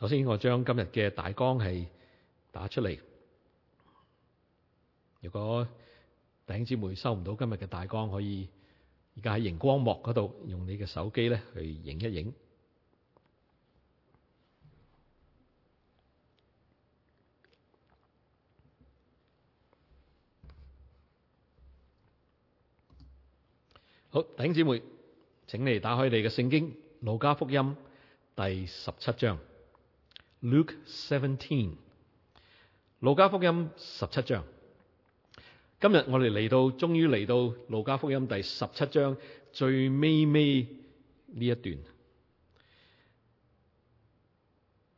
首先，我將今日嘅大綱係打出嚟。如果弟兄姊妹收唔到今日嘅大綱，可以而家喺熒光幕嗰度用你嘅手機咧去影一影。好，弟兄姊妹，請你打開你嘅聖經《路加福音》第十七章。Luke seventeen，路加福音十七章。今日我哋嚟到，終於嚟到路加福音第十七章最尾尾呢一段。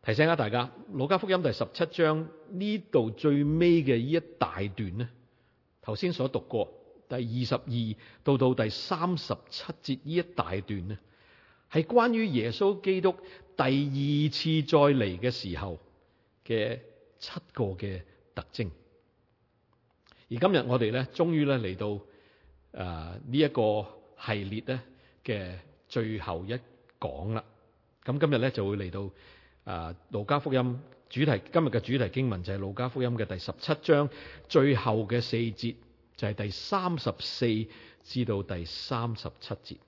提醒下大家，路加福音第十七章呢度最尾嘅呢一大段呢，頭先所讀過第二十二到到第三十七節呢一大段呢，係關於耶穌基督。第二次再嚟嘅時候嘅七個嘅特徵，而今日我哋咧，終於咧嚟到誒呢一個系列咧嘅最後一講啦。咁今日咧就會嚟到誒、呃、路加福音主題，今日嘅主題經文就係、是、路加福音嘅第十七章最後嘅四節，就係第三十四至到第三十七節。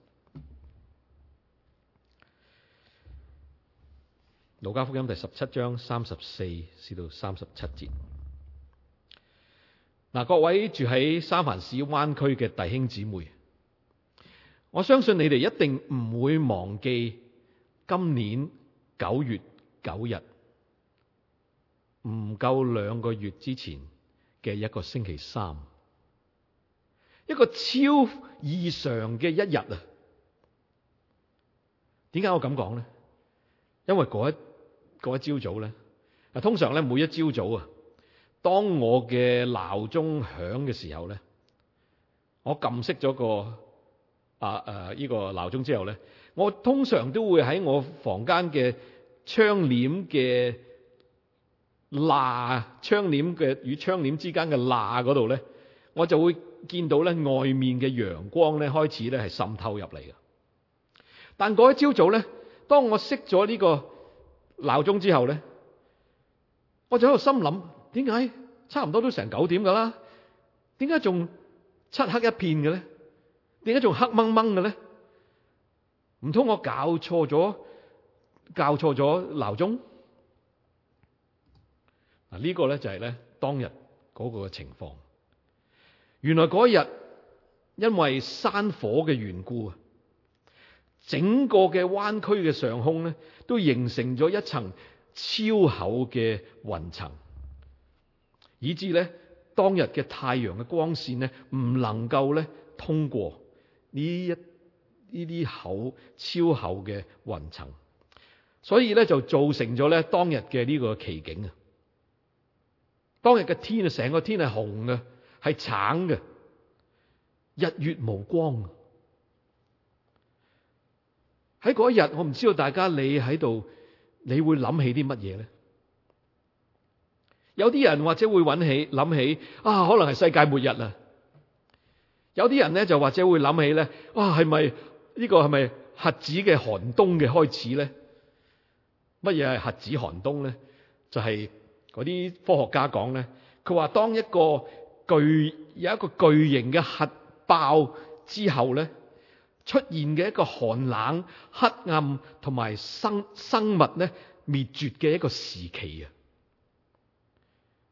《路加福音》第十七章三十四至到三十七節。嗱，各位住喺三藩市灣區嘅弟兄姊妹，我相信你哋一定唔會忘記今年九月九日，唔夠兩個月之前嘅一個星期三，一個超異常嘅一日啊！點解我咁講呢？因為嗰一嗰一朝早咧，啊，通常咧，每一朝早啊，當我嘅鬧鐘響嘅時候咧，我撳熄咗個啊誒呢個鬧鐘之後咧，我通常都會喺我房間嘅窗簾嘅罅，窗簾嘅與窗簾之間嘅罅嗰度咧，我就會見到咧外面嘅陽光咧開始咧係滲透入嚟嘅。但嗰一朝早咧，當我熄咗呢個鬧鐘之後咧，我就喺度心諗，點解差唔多都成九點噶啦？點解仲漆黑一片嘅咧？點解仲黑掹掹嘅咧？唔通我搞錯咗，搞錯咗鬧鐘？嗱、啊這個、呢個咧就係、是、咧當日嗰個情況。原來嗰日因為山火嘅緣故啊。整個嘅灣區嘅上空咧，都形成咗一層超厚嘅雲層，以至咧當日嘅太陽嘅光線咧，唔能夠咧通過呢一呢啲厚超厚嘅雲層，所以咧就造成咗咧當日嘅呢個奇景啊！當日嘅天啊，成個天係紅嘅，係橙嘅，日月無光。喺嗰一日，我唔知道大家你喺度，你會諗起啲乜嘢咧？有啲人或者會揾起諗起啊，可能係世界末日啊。有啲人咧就或者會諗起咧，啊，係咪呢個係咪核子嘅寒冬嘅開始咧？乜嘢係核子寒冬咧？就係嗰啲科學家講咧，佢話當一個巨有一個巨型嘅核爆之後咧。出現嘅一個寒冷、黑暗同埋生生物咧滅絕嘅一個時期啊！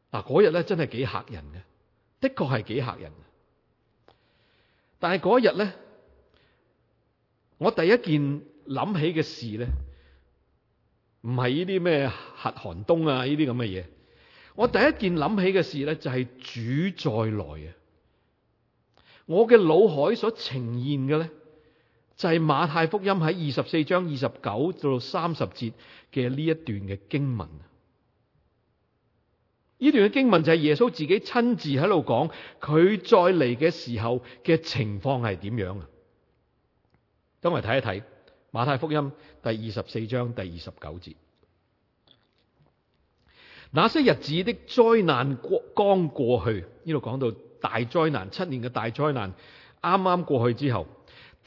嗱，嗰日咧真係幾嚇人嘅，的確係幾嚇人。但係嗰日咧，我第一件諗起嘅事咧，唔係呢啲咩核寒冬啊呢啲咁嘅嘢。我第一件諗起嘅事咧就係、是、主再來啊！我嘅腦海所呈現嘅咧，就係馬太福音喺二十四章二十九到三十節嘅呢一段嘅經文，呢段嘅經文就係耶穌自己親自喺度講，佢再嚟嘅時候嘅情況係點樣啊？等我嚟睇一睇馬太福音第二十四章第二十九節，那些日子的災難過剛過去，呢度講到大災難七年嘅大災難啱啱過去之後。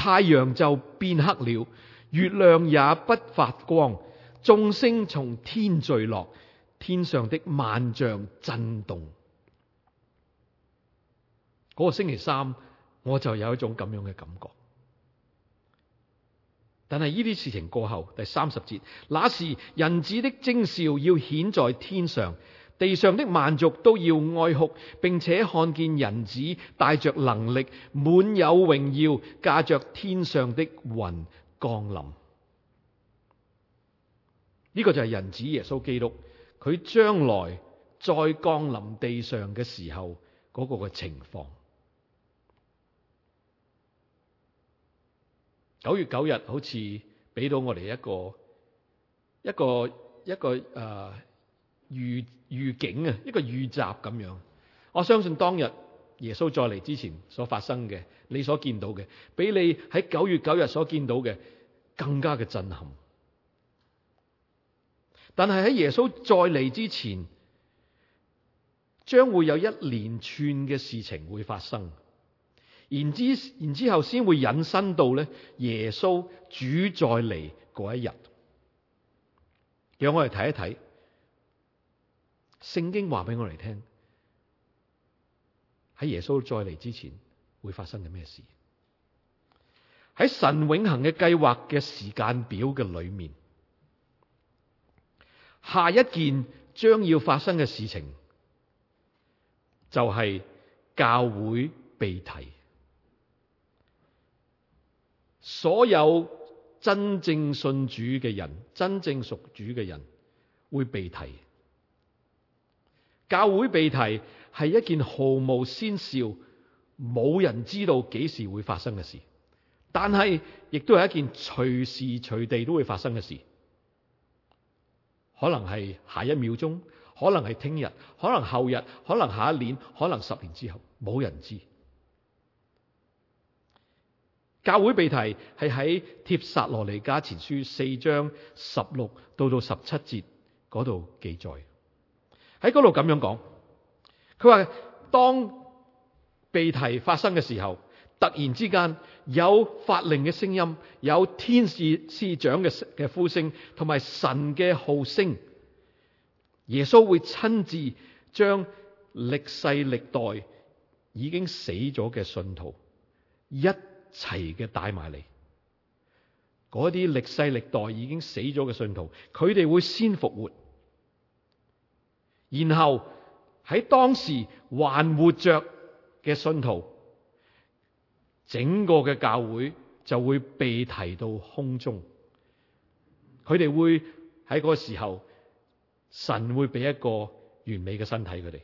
太陽就變黑了，月亮也不發光，眾星從天墜落，天上的萬象震動。嗰、那個星期三，我就有一種咁樣嘅感覺。但係呢啲事情過後，第三十節，那時人子的徵兆要顯在天上。地上的萬族都要哀哭，並且看見人子帶着能力、滿有榮耀、駕着天上的雲降臨。呢、這個就係人子耶穌基督，佢將來再降臨地上嘅時候嗰、那個嘅情況。九月九日好似俾到我哋一個一個一個誒。呃預預警啊，一個預習咁樣。我相信當日耶穌再嚟之前所發生嘅，你所見到嘅，比你喺九月九日所見到嘅更加嘅震撼。但係喺耶穌再嚟之前，將會有一連串嘅事情會發生，然之然之後先會引申到咧耶穌主再嚟嗰一日。讓我哋睇一睇。聖經話俾我哋聽，喺耶穌再嚟之前會發生嘅咩事？喺神永恒嘅計劃嘅時間表嘅裏面，下一件將要發生嘅事情就係教會被提，所有真正信主嘅人，真正屬主嘅人會被提。教會被提係一件毫無先兆、冇人知道幾時會發生嘅事，但係亦都係一件隨時隨地都會發生嘅事。可能係下一秒鐘，可能係聽日，可能後日，可能下一年，可能十年之後，冇人知。教會被提係喺帖撒羅尼加前書四章十六到到十七節嗰度記載。喺嗰度咁樣講，佢話當被提發生嘅時候，突然之間有法令嘅聲音，有天使司長嘅嘅呼聲，同埋神嘅號聲，耶穌會親自將歷世歷代已經死咗嘅信徒一齊嘅帶埋嚟，嗰啲歷世歷代已經死咗嘅信徒，佢哋會先復活。然後喺當時還活着嘅信徒，整個嘅教會就會被提到空中，佢哋會喺嗰個時候，神會俾一個完美嘅身體佢哋，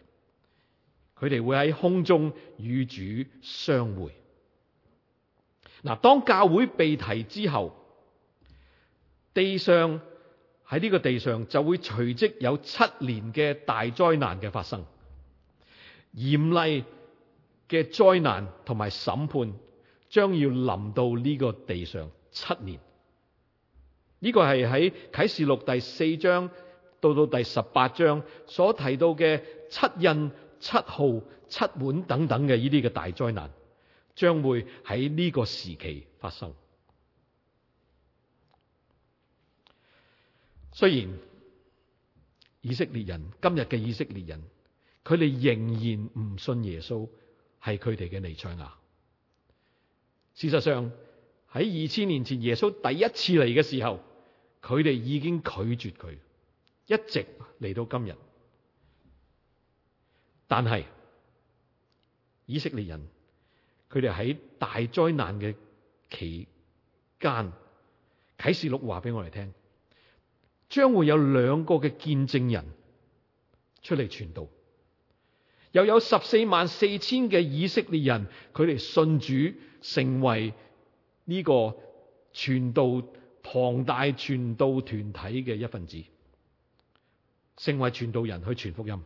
佢哋會喺空中與主相會。嗱，當教會被提之後，地上。喺呢個地上就會隨即有七年嘅大災難嘅發生，嚴厲嘅災難同埋審判將要臨到呢個地上七年。呢個係喺啟示錄第四章到到第十八章所提到嘅七印、七號、七碗等等嘅呢啲嘅大災難，將會喺呢個時期發生。雖然以色列人，今日嘅以色列人，佢哋仍然唔信耶穌係佢哋嘅彌賽亞。事實上喺二千年前耶穌第一次嚟嘅時候，佢哋已經拒絕佢，一直嚟到今日。但係以色列人，佢哋喺大災難嘅期間，啟示錄話俾我哋聽。將會有兩個嘅見證人出嚟傳道，又有十四萬四千嘅以色列人，佢哋信主，成為呢個傳道龐大傳道團體嘅一份子，成為傳道人去傳福音。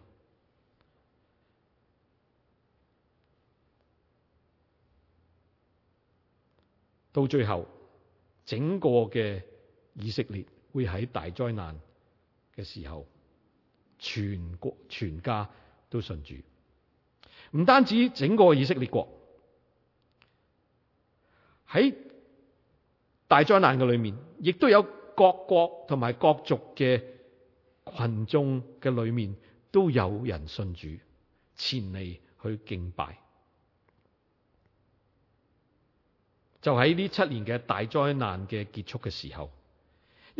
到最後，整個嘅以色列，會喺大災難嘅時候，全國全家都信主，唔單止整個以色列國喺大災難嘅裏面，亦都有各國同埋各族嘅群眾嘅裏面都有人信主，前嚟去敬拜。就喺呢七年嘅大災難嘅結束嘅時候。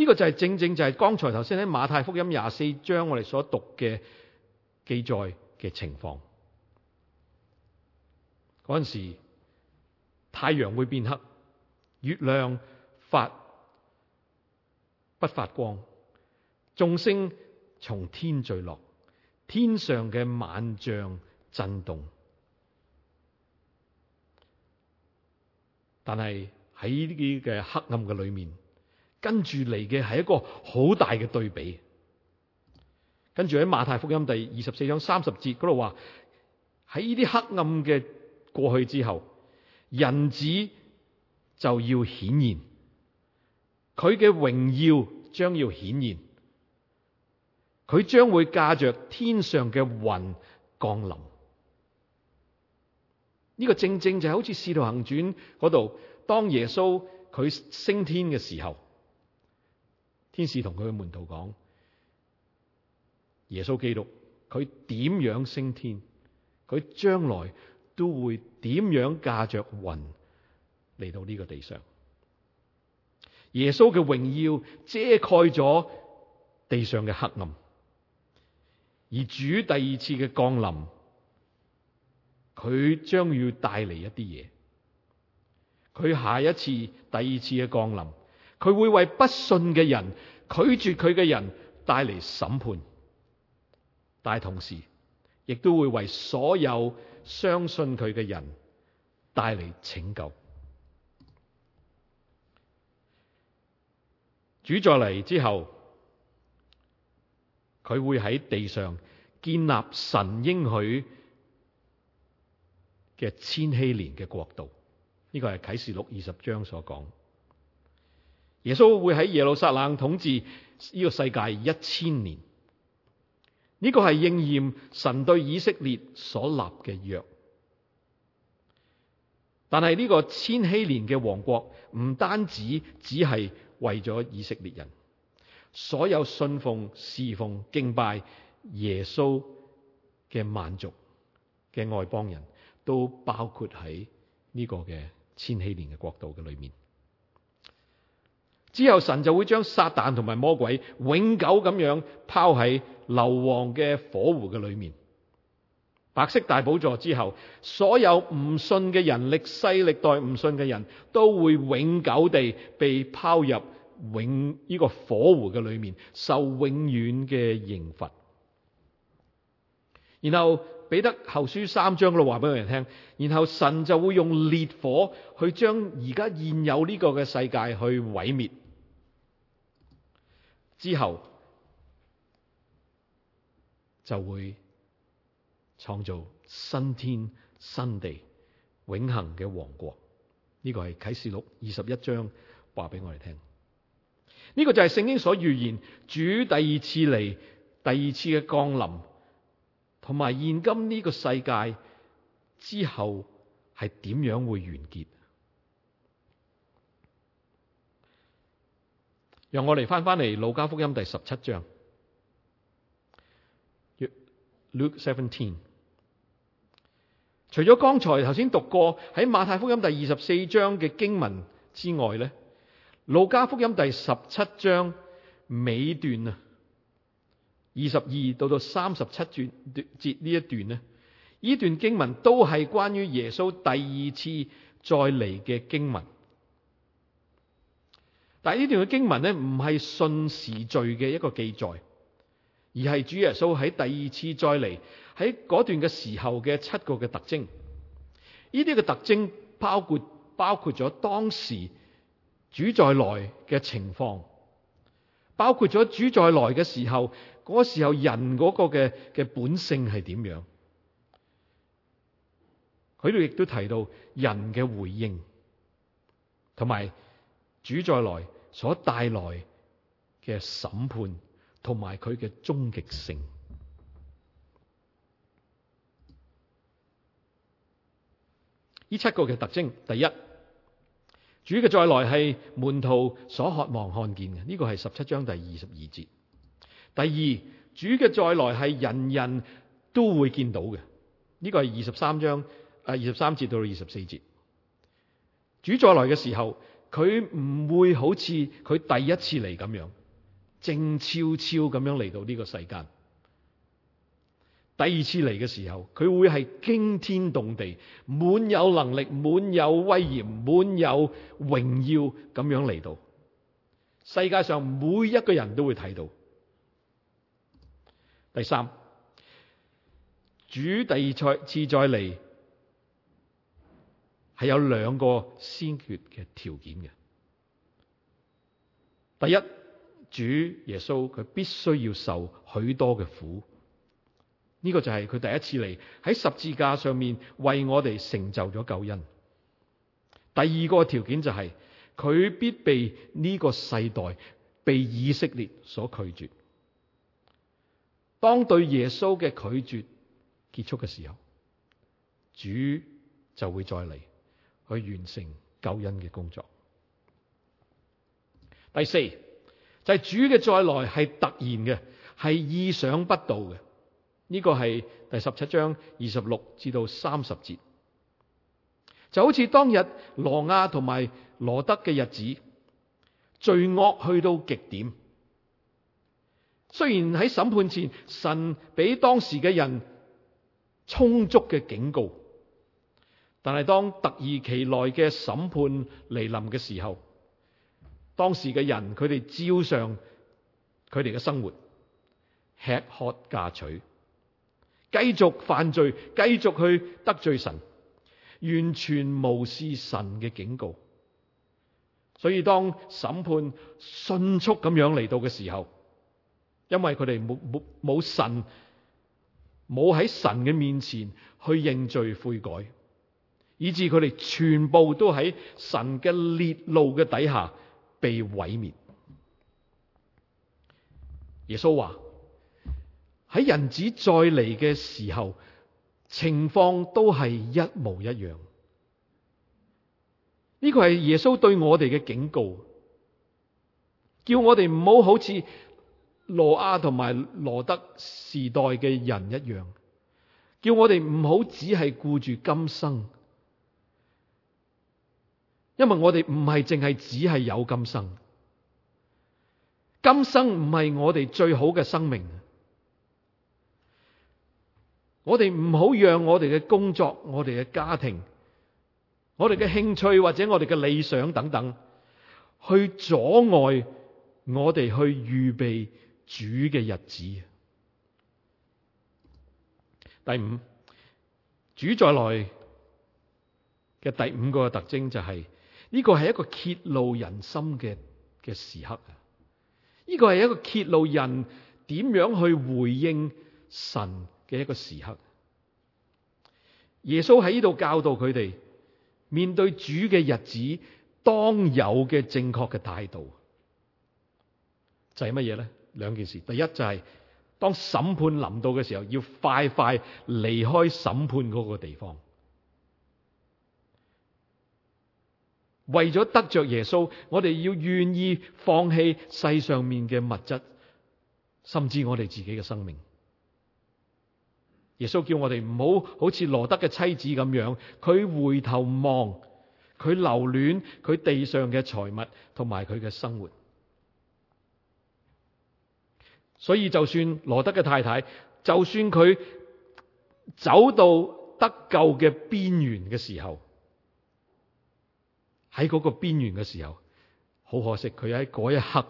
呢個就係正正就係剛才頭先喺馬太福音廿四章我哋所讀嘅記載嘅情況。嗰陣時，太陽會變黑，月亮發不發光，眾星從天墜落，天上嘅萬象震動。但係喺呢啲嘅黑暗嘅裏面。跟住嚟嘅係一個好大嘅對比。跟住喺馬太福音第二十四章三十節嗰度話：喺呢啲黑暗嘅過去之後，人子就要顯現，佢嘅榮耀將要顯現，佢將會駕着天上嘅雲降臨。呢、這個正正就係好似使徒行傳嗰度，當耶穌佢升天嘅時候。天使同佢嘅門徒講：耶穌基督佢點樣升天？佢將來都會點樣駕着雲嚟到呢個地上？耶穌嘅榮耀遮蓋咗地上嘅黑暗，而主第二次嘅降臨，佢將要帶嚟一啲嘢。佢下一次、第二次嘅降臨。佢會為不信嘅人、拒絕佢嘅人帶嚟審判，但同時亦都會為所有相信佢嘅人帶嚟拯救。主再嚟之後，佢會喺地上建立神應許嘅千禧年嘅國度。呢個係啟示錄二十章所講。耶穌會喺耶路撒冷統治呢個世界一千年，呢、呢個係應驗神對以色列所立嘅約。但係呢個千禧年嘅王國唔單止只係為咗以色列人，所有信奉、侍奉、敬拜耶穌嘅萬族嘅外邦人都包括喺呢個嘅千禧年嘅國度嘅裏面。之後神就會將撒旦同埋魔鬼永久咁樣拋喺硫磺嘅火湖嘅裏面。白色大寶座之後，所有唔信嘅人，歷世歷代唔信嘅人都會永久地被拋入永呢、這個火湖嘅裏面，受永遠嘅刑罰。然後彼得後書三章嗰度話俾我哋聽，然後神就會用烈火去將而家現有呢個嘅世界去毀滅。之後就會創造新天新地，永恒嘅王國。呢個係啟示錄二十一章話俾我哋聽。呢個就係聖經所預言主第二次嚟，第二次嘅降臨，同埋現今呢個世界之後係點樣會完結？讓我哋翻翻嚟路加福音第十七章。Luke seventeen。除咗剛才頭先讀過喺馬太福音第二十四章嘅經文之外咧，路加福音第十七章尾段啊，二十二到到三十七段節呢一段咧，呢段經文都係關於耶穌第二次再嚟嘅經文。但呢段嘅經文咧，唔係順時序嘅一個記載，而係主耶穌喺第二次再嚟喺嗰段嘅時候嘅七個嘅特徵。呢啲嘅特徵包括包括咗當時主再嚟嘅情況，包括咗主再嚟嘅時候嗰時候人嗰個嘅嘅本性係點樣？佢哋亦都提到人嘅回應同埋。主再來所帶來嘅審判同埋佢嘅終極性，呢七個嘅特徵。第一，主嘅再來係門徒所渴望看見嘅，呢個係十七章第二十二節。第二，主嘅再來係人人都會見到嘅，呢個係二十三章誒二十三節到二十四節。主再來嘅時候。佢唔會好似佢第一次嚟咁樣靜悄悄咁樣嚟到呢個世界。第二次嚟嘅時候，佢會係驚天動地，滿有能力，滿有威嚴，滿有榮耀咁樣嚟到。世界上每一個人都會睇到。第三，主第二次再嚟，係有兩個先決嘅條件嘅。第一，主耶穌佢必須要受許多嘅苦，呢、這個就係佢第一次嚟喺十字架上面為我哋成就咗救恩。第二個條件就係、是、佢必被呢個世代被以色列所拒絕。當對耶穌嘅拒絕結束嘅時候，主就會再嚟。去完成救恩嘅工作。第四就係、是、主嘅再來係突然嘅，係意想不到嘅。呢個係第十七章二十六至到三十節，就好似當日挪亞同埋羅德嘅日子，罪惡去到極點。雖然喺審判前，神俾當時嘅人充足嘅警告，但係當突如其來嘅審判嚟臨嘅時候，當時嘅人，佢哋照常佢哋嘅生活，吃喝嫁娶，繼續犯罪，繼續去得罪神，完全無視神嘅警告。所以當審判迅速咁樣嚟到嘅時候，因為佢哋冇冇冇神，冇喺神嘅面前去認罪悔改。以致佢哋全部都喺神嘅烈怒嘅底下被毀滅。耶穌話喺人子再嚟嘅時候，情況都係一模一樣。呢個係耶穌對我哋嘅警告，叫我哋唔好好似羅亞同埋羅德時代嘅人一樣，叫我哋唔好只係顧住今生。因為我哋唔係淨係只係有今生，今生唔係我哋最好嘅生命。我哋唔好讓我哋嘅工作、我哋嘅家庭、我哋嘅興趣或者我哋嘅理想等等，去阻礙我哋去預備主嘅日子。第五，主再來嘅第五個特徵就係、是。呢個係一個揭露人心嘅嘅時刻啊！呢、這個係一個揭露人點樣去回應神嘅一個時刻。耶穌喺呢度教導佢哋，面對主嘅日子，當有嘅正確嘅態度，就係乜嘢咧？兩件事，第一就係、是、當審判臨到嘅時候，要快快離開審判嗰個地方。為咗得着耶穌，我哋要願意放棄世上面嘅物質，甚至我哋自己嘅生命。耶穌叫我哋唔好好似羅德嘅妻子咁樣，佢回頭望，佢留戀佢地上嘅財物同埋佢嘅生活。所以就算羅德嘅太太，就算佢走到得救嘅邊緣嘅時候。喺嗰個邊緣嘅時候，好可惜，佢喺嗰一刻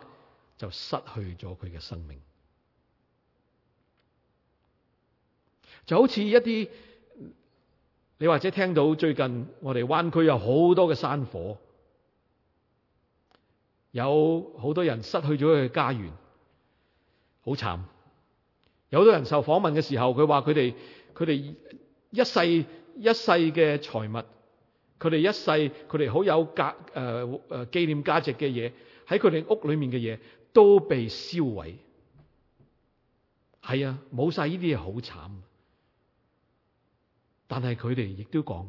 就失去咗佢嘅生命。就好似一啲，你或者聽到最近我哋灣區有好多嘅山火，有好多人失去咗佢嘅家園，好慘。有好多人受訪問嘅時候，佢話佢哋佢哋一世一世嘅財物。佢哋一世，佢哋好有價誒誒紀念價值嘅嘢，喺佢哋屋裏面嘅嘢都被燒毀，係啊，冇晒呢啲嘢，好慘。但係佢哋亦都講，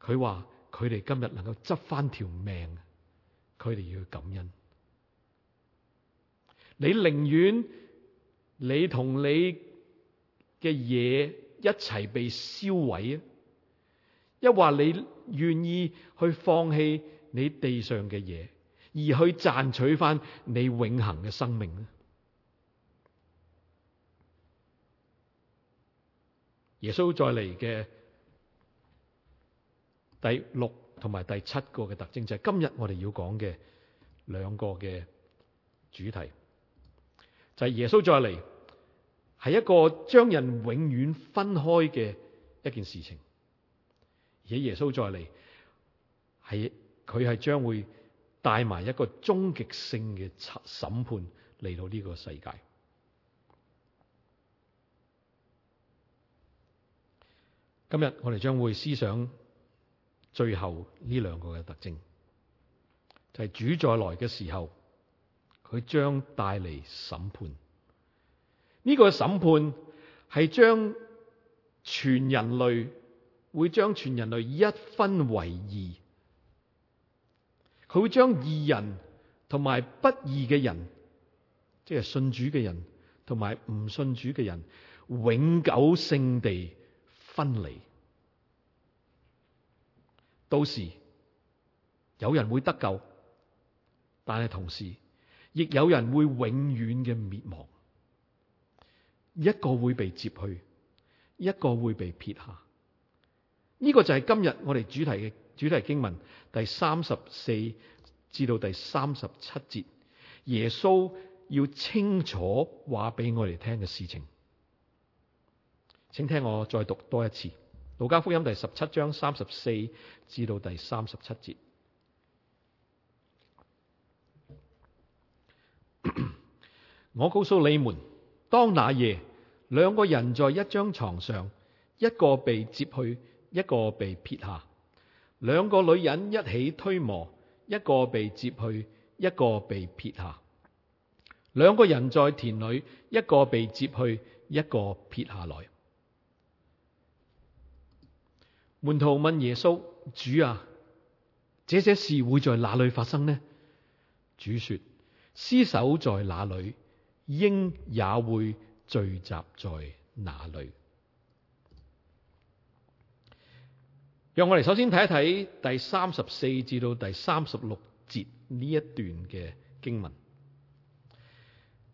佢話佢哋今日能夠執翻條命，佢哋要去感恩。你寧願你同你嘅嘢一齊被燒毀啊？一話你願意去放棄你地上嘅嘢，而去賺取翻你永恒嘅生命咧？耶穌再嚟嘅第六同埋第七個嘅特徵，就係今日我哋要講嘅兩個嘅主題，就係耶穌再嚟係一個將人永遠分開嘅一件事情。喺耶穌再嚟，係佢係將會帶埋一個終極性嘅審判嚟到呢個世界。今日我哋將會思想最後呢兩個嘅特徵，就係、是、主再來嘅時候，佢將帶嚟審判。呢、這個審判係將全人類。會將全人類一分為二，佢會將義人同埋不義嘅人，即係信主嘅人同埋唔信主嘅人，永久性地分離。到時有人會得救，但係同時亦有人會永遠嘅滅亡。一個會被接去，一個會被撇下。呢個就係今日我哋主題嘅主題經文，第三十四至到第三十七節，耶穌要清楚話俾我哋聽嘅事情，請聽我再讀多一次《路加福音》第十七章三十四至到第三十七節。我告訴你們，當那夜兩個人在一張床上，一個被接去。一個被撇下，兩個女人一起推磨，一個被接去，一個被撇下。兩個人在田裏，一個被接去，一個撇下來。門徒問耶穌：主啊，這些事會在哪裏發生呢？主說：屍首在哪裏，鷹也會聚集在哪裏那裏。讓我哋首先睇一睇第三十四至到第三十六節呢一段嘅經文。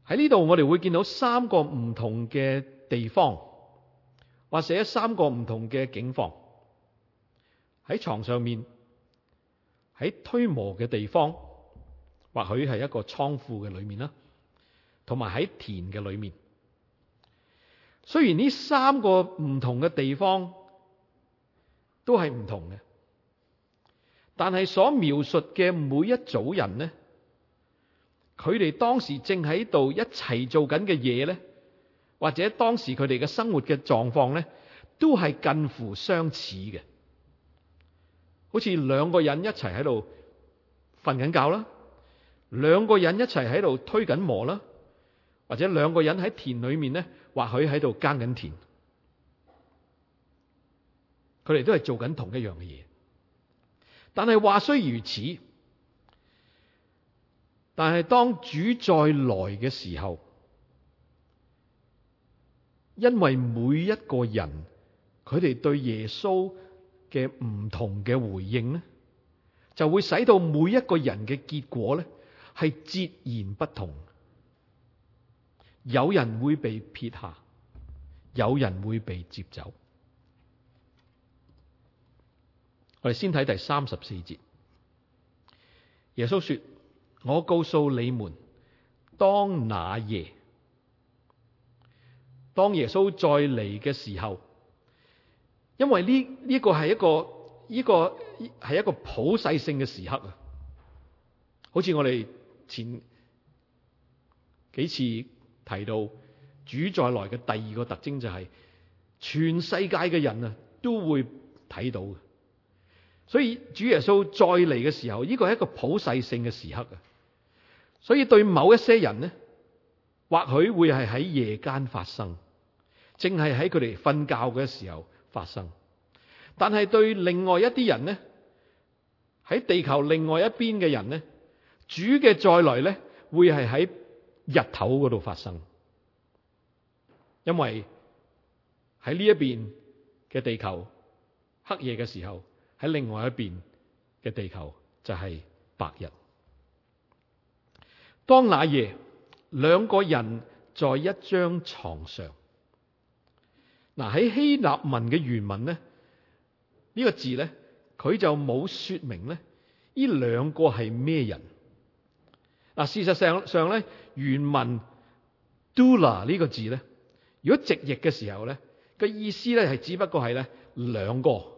喺呢度我哋會見到三個唔同嘅地方，或者三個唔同嘅景況，喺床上面，喺推磨嘅地方，或許係一個倉庫嘅裏面啦，同埋喺田嘅裏面。雖然呢三個唔同嘅地方。都係唔同嘅，但係所描述嘅每一組人呢，佢哋當時正喺度一齊做緊嘅嘢呢，或者當時佢哋嘅生活嘅狀況呢，都係近乎相似嘅。好似兩個人一齊喺度瞓緊覺啦，兩個人一齊喺度推緊磨啦，或者兩個人喺田裏面呢，或許喺度耕緊田。佢哋都係做緊同一樣嘅嘢，但係話雖如此，但係當主再來嘅時候，因為每一個人，佢哋對耶穌嘅唔同嘅回應咧，就會使到每一個人嘅結果咧，係截然不同。有人會被撇下，有人會被接走。我哋先睇第三十四節，耶穌說：我告訴你們，當那夜，當耶穌再嚟嘅時候，因為呢呢、呢個係一個呢、呢個係一個普世性嘅時刻啊，好似我哋前幾次提到主再來嘅第二個特徵就係、係、全世界嘅人啊都會睇到。所以主耶穌再嚟嘅時候，呢個係一個普世性嘅時刻啊！所以對某一些人咧，或許會係喺夜間發生，正係喺佢哋瞓覺嘅時候發生。但係對另外一啲人咧，喺地球另外一邊嘅人咧，主嘅再來咧，會係喺日頭度發生，因為喺呢一邊嘅地球黑夜嘅時候。喺另外一邊嘅地球就係、是、白日。當那夜兩個人在一張床上，嗱喺希臘文嘅原文咧，呢、這個字咧佢就冇說明咧呢兩個係咩人。嗱，事實上上咧原文 Dula 呢個字咧，如果直譯嘅時候咧個意思咧係只不過係咧兩個。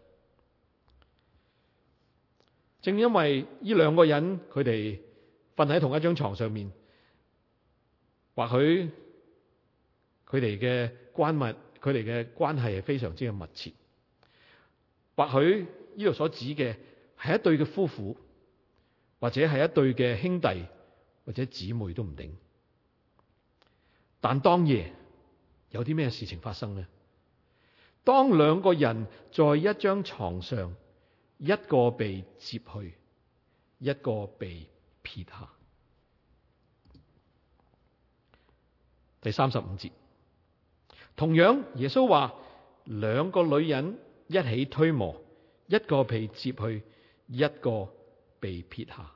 正因為呢兩個人佢哋瞓喺同一張床上面，或許佢哋嘅關密，佢哋嘅關係係非常之嘅密切。或許呢度所指嘅係一對嘅夫婦，或者係一對嘅兄弟或者姊妹都唔定。但當夜有啲咩事情發生咧？當兩個人在一張床上。一個被接去，一個被撇下。第三十五節，同樣耶穌話：兩個女人一起推磨，一個被接去，一個被撇下。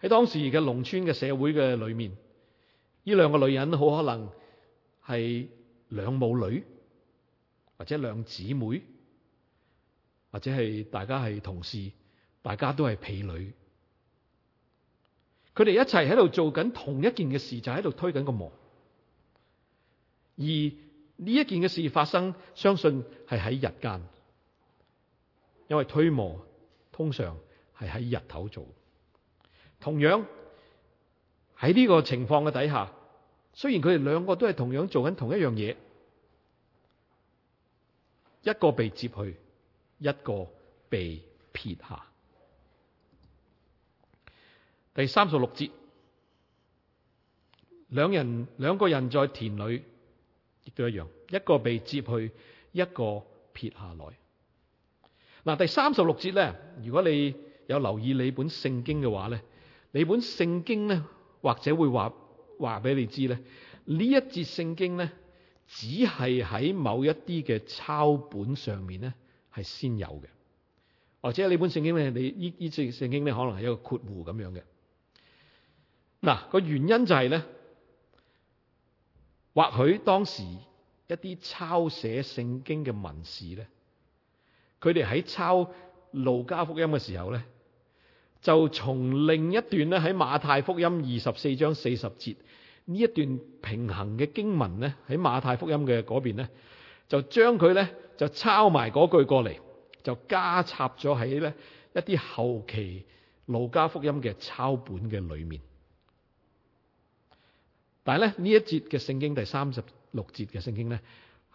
喺當時嘅農村嘅社會嘅裏面，呢兩個女人好可能係兩母女或者兩姊妹。或者係大家係同事，大家都係婢女，佢哋一齊喺度做緊同一件嘅事，就喺度推緊個磨。而呢一件嘅事發生，相信係喺日間，因為推磨通常係喺日頭做。同樣，喺呢個情況嘅底下，雖然佢哋兩個都係同樣做緊同一樣嘢，一個被接去。一個被撇下。第三十六節，兩人兩個人在田裏，亦都一樣，一個被接去，一個撇下來。嗱、啊，第三十六節咧，如果你有留意你本聖經嘅話咧，你本聖經咧，或者會話話俾你知咧，呢一節聖經咧，只係喺某一啲嘅抄本上面咧。係先有嘅，或者呢本聖經咧，你呢依段聖經咧，可能係一個括弧咁樣嘅，嗱，個原因就係、是、咧，或許當時一啲抄寫聖經嘅文士咧，佢哋喺抄路加福音嘅時候咧，就從另一段咧，喺馬太福音二十四章四十節呢一段平行嘅經文咧，喺馬太福音嘅嗰邊咧。就將佢咧就抄埋嗰句過嚟，就加插咗喺咧一啲後期路加福音嘅抄本嘅裏面。但係咧，呢一節嘅聖經第三十六節嘅聖經咧，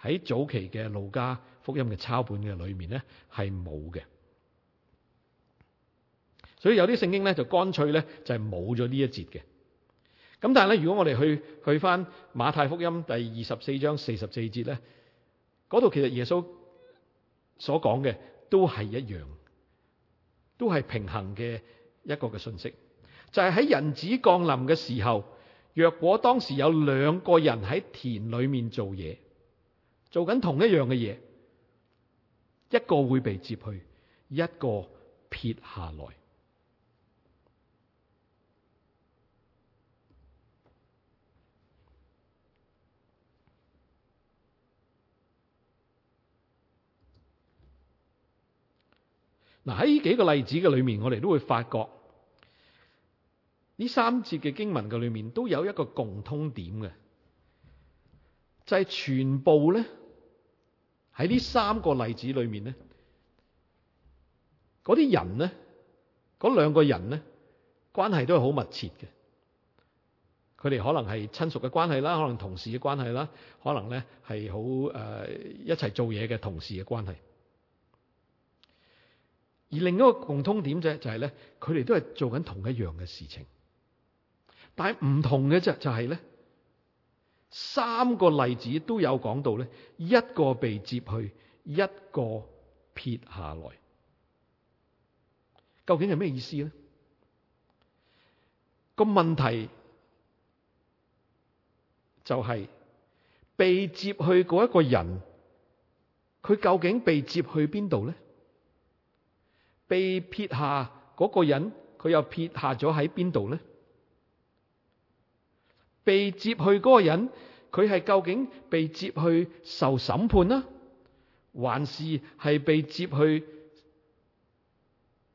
喺早期嘅路加福音嘅抄本嘅裏面咧係冇嘅。所以有啲聖經咧就乾脆咧就係冇咗呢一節嘅。咁但係咧，如果我哋去去翻馬太福音第二十四章四十四節咧，度其實耶穌所講嘅都係一樣，都係平衡嘅一個嘅信息，就係喺人子降臨嘅時候，若果當時有兩個人喺田裏面做嘢，做緊同一樣嘅嘢，一個會被接去，一個撇下來。嗱，喺呢幾個例子嘅裏面，我哋都會發覺呢三節嘅經文嘅裏面都有一個共通點嘅，就係全部咧，喺呢三個例子裏面咧，嗰啲人咧，嗰兩個人咧，關係都係好密切嘅。佢哋可能係親屬嘅關係啦，可能同事嘅關係啦，可能咧係好誒一齊做嘢嘅同事嘅關係。而另一個共通點啫，就係咧，佢哋都係做緊同一樣嘅事情，但係唔同嘅啫，就係咧，三個例子都有講到咧，一個被接去，一個撇下來，究竟係咩意思咧？個問題就係、是、被接去嗰一個人，佢究竟被接去邊度咧？被撇下嗰個人，佢又撇下咗喺邊度咧？被接去嗰個人，佢係究竟被接去受審判啦，還是係被接去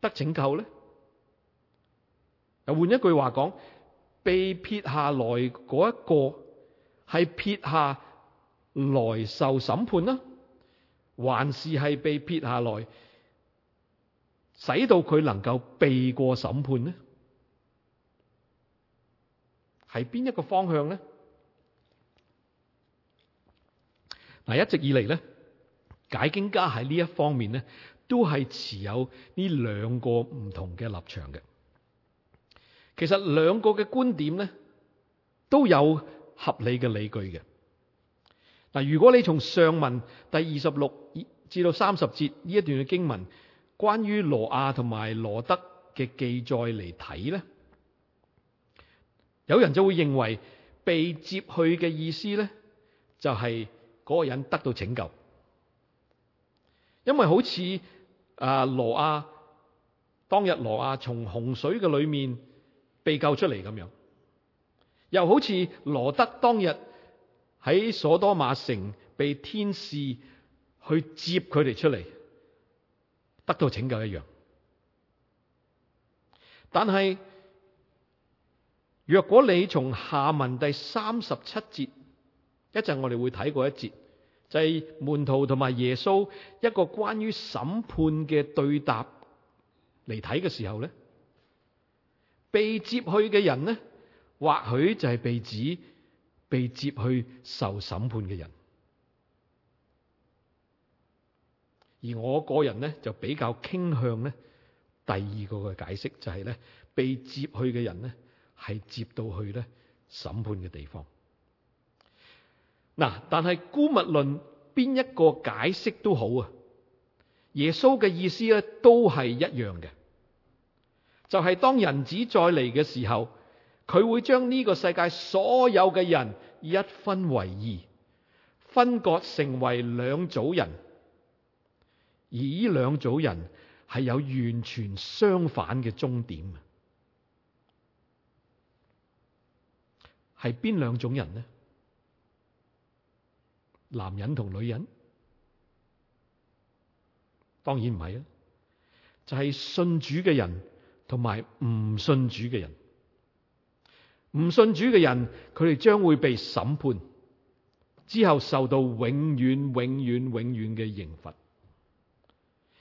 得拯救咧？又換一句話講，被撇下來嗰一個係撇下來受審判啦，還是係被撇下來？使到佢能夠避過審判呢？係邊一個方向呢？嗱，一直以嚟咧，解經家喺呢一方面咧，都係持有呢兩個唔同嘅立場嘅。其實兩個嘅觀點咧，都有合理嘅理據嘅。嗱，如果你從上文第二十六至到三十節呢一段嘅經文。關於羅亞同埋羅德嘅記載嚟睇咧，有人就會認為被接去嘅意思咧，就係嗰個人得到拯救，因為好似啊羅亞當日羅亞從洪水嘅裏面被救出嚟咁樣，又好似羅德當日喺所多瑪城被天使去接佢哋出嚟。得到拯救一樣，但係若果你從下文第三十七節，一陣我哋會睇過一節，就係門徒同埋耶穌一個關於審判嘅對答嚟睇嘅時候咧，被接去嘅人呢，或許就係被指被接去受審判嘅人。而我個人咧就比較傾向咧第二個嘅解釋，就係、是、咧被接去嘅人咧係接到去咧審判嘅地方。嗱，但係姑勿論邊一個解釋都好啊，耶穌嘅意思咧都係一樣嘅，就係、是、當人子再嚟嘅時候，佢會將呢個世界所有嘅人一分為二，分割成為兩組人。而呢兩組人係有完全相反嘅終點，係邊兩種人呢？男人同女人，當然唔係啊，就係信主嘅人同埋唔信主嘅人。唔信主嘅人，佢哋將會被審判，之後受到永遠、永遠、永遠嘅刑罰。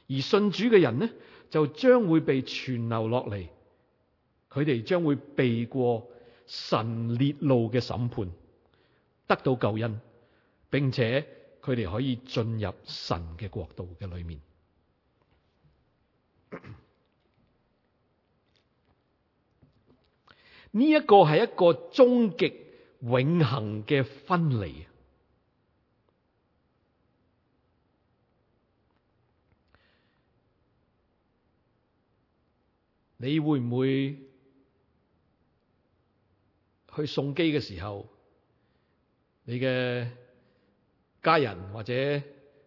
而信主嘅人呢，就將會被存留落嚟，佢哋將會避過神烈怒嘅審判，得到救恩，並且佢哋可以進入神嘅國度嘅裏面。呢 一個係一個終極永恆嘅分離。你會唔會去送機嘅時候，你嘅家人或者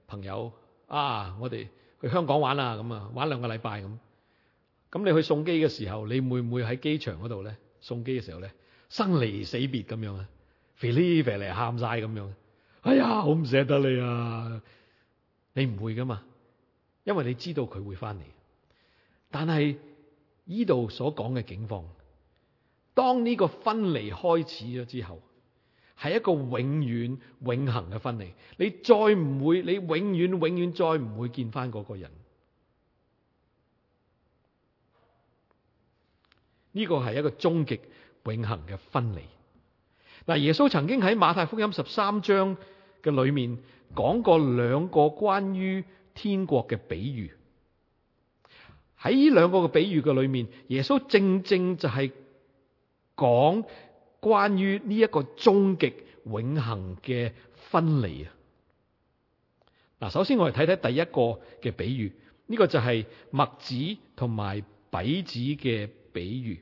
朋友啊，我哋去香港玩啊，咁啊，玩兩個禮拜咁。咁你去送機嘅時候，你會唔會喺機場嗰度咧？送機嘅時候咧，生離死別咁樣啊，噼哩噼嚟喊晒咁樣，哎呀，好唔捨得你啊，你唔會噶嘛，因為你知道佢會翻嚟，但係。呢度所講嘅境況，當呢個分離開始咗之後係一個永遠永恆嘅分離，你再唔會，你永遠永遠再唔會見翻嗰個人。呢、呢個係一個終極永恆嘅分離。嗱，耶穌曾經喺馬太福音十三章嘅裏面講過兩個關於天國嘅比喻。喺呢兩個嘅比喻嘅裏面，耶穌正正就係講關於呢一個終極永恆嘅分離啊！嗱，首先我哋睇睇第一個嘅比喻，呢、這個就係麥子同埋稗子嘅比喻。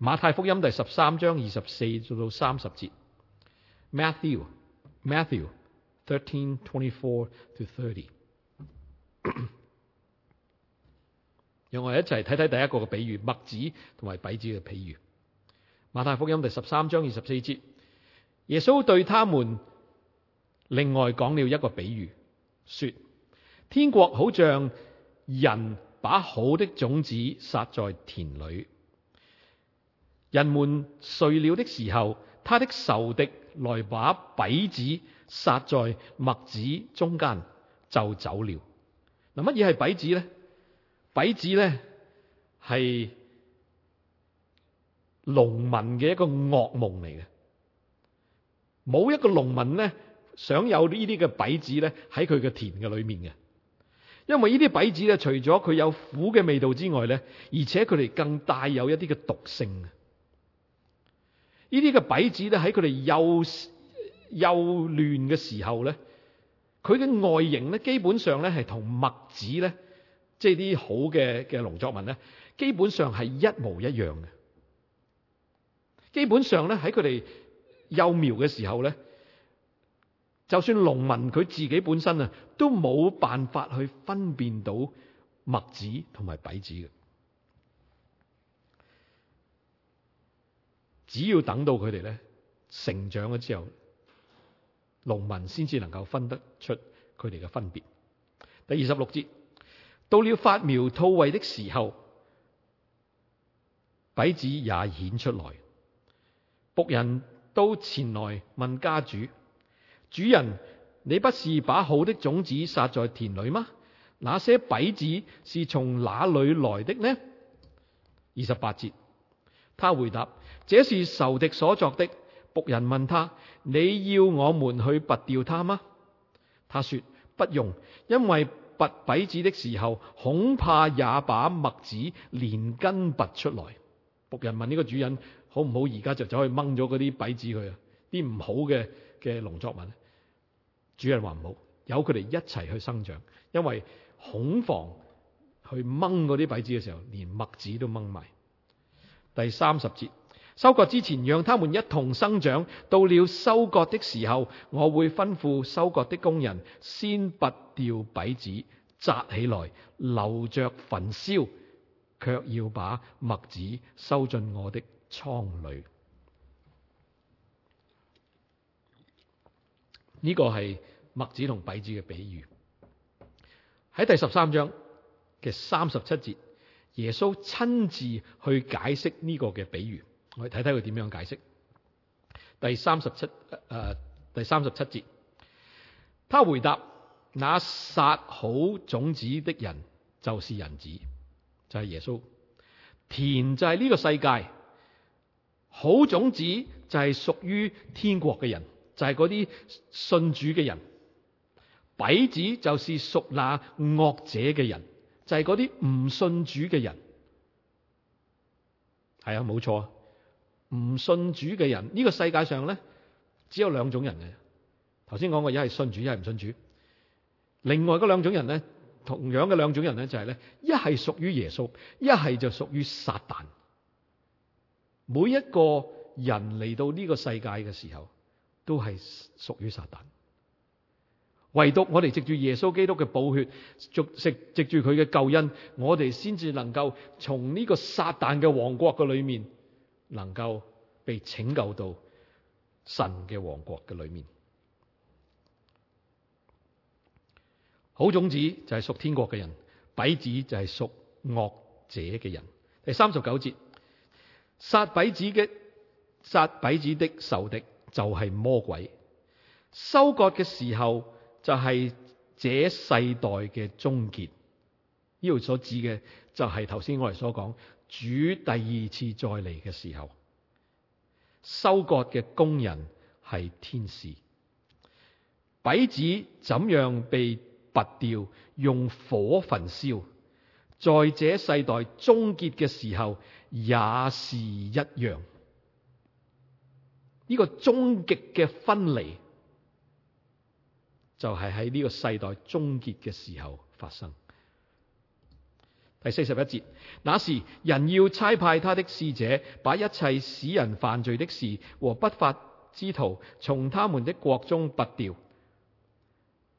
馬太福音第十三章二十四到三十節。Matthew Matthew thirteen twenty four to thirty。讓我哋一齊睇睇第一個嘅比喻，麥子同埋稗子嘅比喻。馬太福音第十三章二十四節，耶穌對他們另外講了一個比喻，說：天國好像人把好的種子撒在田裏，人們睡了的時候，他的仇敵來把稗子撒在麥子中間，就走了。那乜嘢係稗子呢？秕子咧係農民嘅一個噩夢嚟嘅，冇一個農民咧想有呢啲嘅秕子咧喺佢嘅田嘅裏面嘅，因為呢啲秕子咧除咗佢有苦嘅味道之外咧，而且佢哋更帶有一啲嘅毒性啊！呢啲嘅秕子咧喺佢哋幼幼嫩嘅時候咧，佢嘅外形咧基本上咧係同麥子咧。即係啲好嘅嘅農作物咧，基本上係一模一樣嘅。基本上咧，喺佢哋幼苗嘅時候咧，就算農民佢自己本身啊，都冇辦法去分辨到麥子同埋稗子嘅。只要等到佢哋咧成長咗之後，農民先至能夠分得出佢哋嘅分別。第二十六節。到了發苗吐穗的時候，稗子也顯出來。僕人都前來問家主：主人，你不是把好的種子撒在田裏嗎？那些稗子是從哪裏來的呢？二十八節，他回答：這是仇敵所作的。僕人問他：你要我們去拔掉它嗎？他說：不用，因為。拔稗子的時候，恐怕也把麥子連根拔出來。僕人問呢個主人：好唔好而家就走去掹咗嗰啲稗子佢啊？啲唔好嘅嘅農作物呢。主人話唔好，由佢哋一齊去生長，因為恐防去掹嗰啲稗子嘅時候，連麥子都掹埋。第三十節。收割之前，讓他們一同生長。到了收割的時候，我會吩咐收割的工人先拔掉稗子，紮起來留着焚燒，却要把麥子收進我的倉裏。呢、這個係麥子同稗子嘅比喻。喺第十三章嘅三十七節，耶穌親自去解釋呢個嘅比喻。我哋睇睇佢點樣解釋第三十七，誒，第三十七節，他回答：那撒好種子的人就是人子，就係、是、耶穌。田就係呢個世界，好種子就係屬於天國嘅人，就係、是、啲信主嘅人，稗子就是屬那惡者嘅人，就係啲唔信主嘅人。係啊，冇錯啊。唔信主嘅人，呢個世界上咧只有兩種人嘅。頭先講過，一係信主，一係唔信主。另外嗰兩種人咧，同樣嘅兩種人咧就係咧，一係屬於耶穌，一係就屬於撒旦。每一個人嚟到呢個世界嘅時候，都係屬於撒旦。唯獨我哋藉住耶穌基督嘅寶血，續食藉住佢嘅救恩，我哋先至能夠從呢個撒旦嘅王國嘅裏面。能夠被拯救到神嘅王國嘅裏面，好種子就係屬天國嘅人，稗子就係屬惡者嘅人。第三十九節，撒稗子嘅，撒稗子的仇敵就係魔鬼。收割嘅時候就係這世代嘅終結。呢度所指嘅就係頭先我哋所講。主第二次再嚟嘅時候，收割嘅工人係天使。稗子怎樣被拔掉，用火焚燒，在這世代終結嘅時候也是一樣。呢個終極嘅分離，就係喺呢個世代終結嘅時候發生。第四十一節，那時人要差派他的使者，把一切使人犯罪的事和不法之徒從他們的國中拔掉，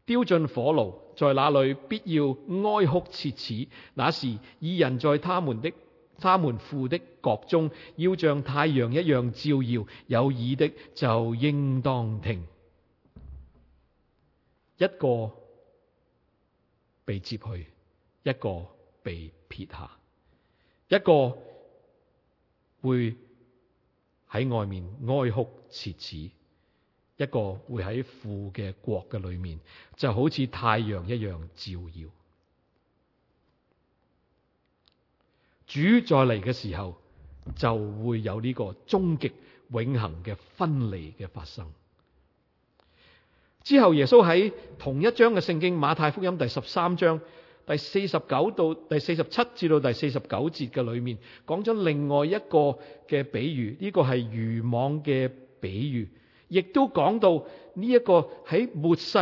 丟進火爐，在那裏必要哀哭切齒。那時義人在他們的他們父的國中，要像太陽一樣照耀，有耳的就應當聽。」一個被接去，一個。被撇下，一個會喺外面哀哭切齒，一個會喺父嘅國嘅裏面，就好似太陽一樣照耀。主再嚟嘅時候，就會有呢個終極永恒嘅分離嘅發生。之後耶穌喺同一章嘅聖經馬太福音第十三章。第四十九到第四十七至到第四十九節嘅裏面，講咗另外一個嘅比喻，呢個係漁網嘅比喻，亦都講到呢一個喺末世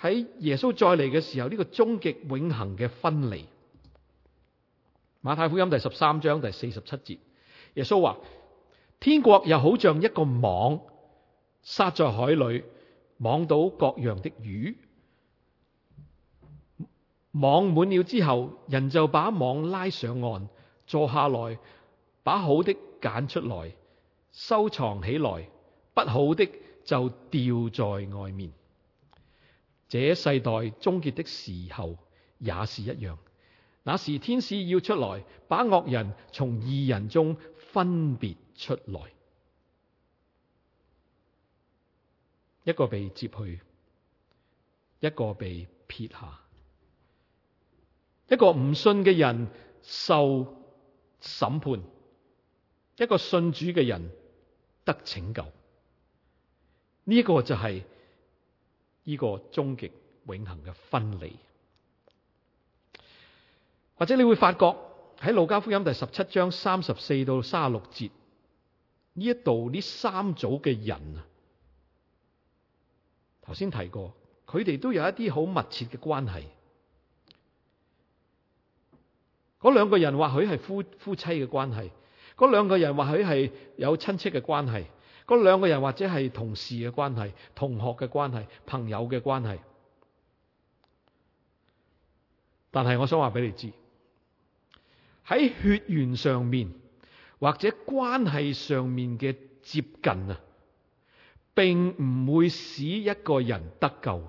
喺耶穌再嚟嘅時候呢個終極永恆嘅分離。馬太福音第十三章第四十七節，耶穌話：天國又好像一個網撒在海裏，網到各樣的魚。網滿了之後，人就把網拉上岸，坐下來，把好的揀出來收藏起來，不好的就掉在外面。這世代終結的時候也是一樣，那時天使要出來，把惡人從義人中分別出來，一個被接去，一個被撇下。一個唔信嘅人受審判，一個信主嘅人得拯救。呢、這、一個就係呢個終極永恒嘅分離。或者你會發覺喺《路加福音》第十七章三十四到卅六節呢一度呢三組嘅人，頭先提過，佢哋都有一啲好密切嘅關係。嗰兩個人或許係夫夫妻嘅關係，嗰兩個人或許係有親戚嘅關係，嗰兩個人或者係同事嘅關係、同學嘅關係、朋友嘅關係。但係我想話俾你知，喺血緣上面或者關係上面嘅接近啊，並唔會使一個人得救。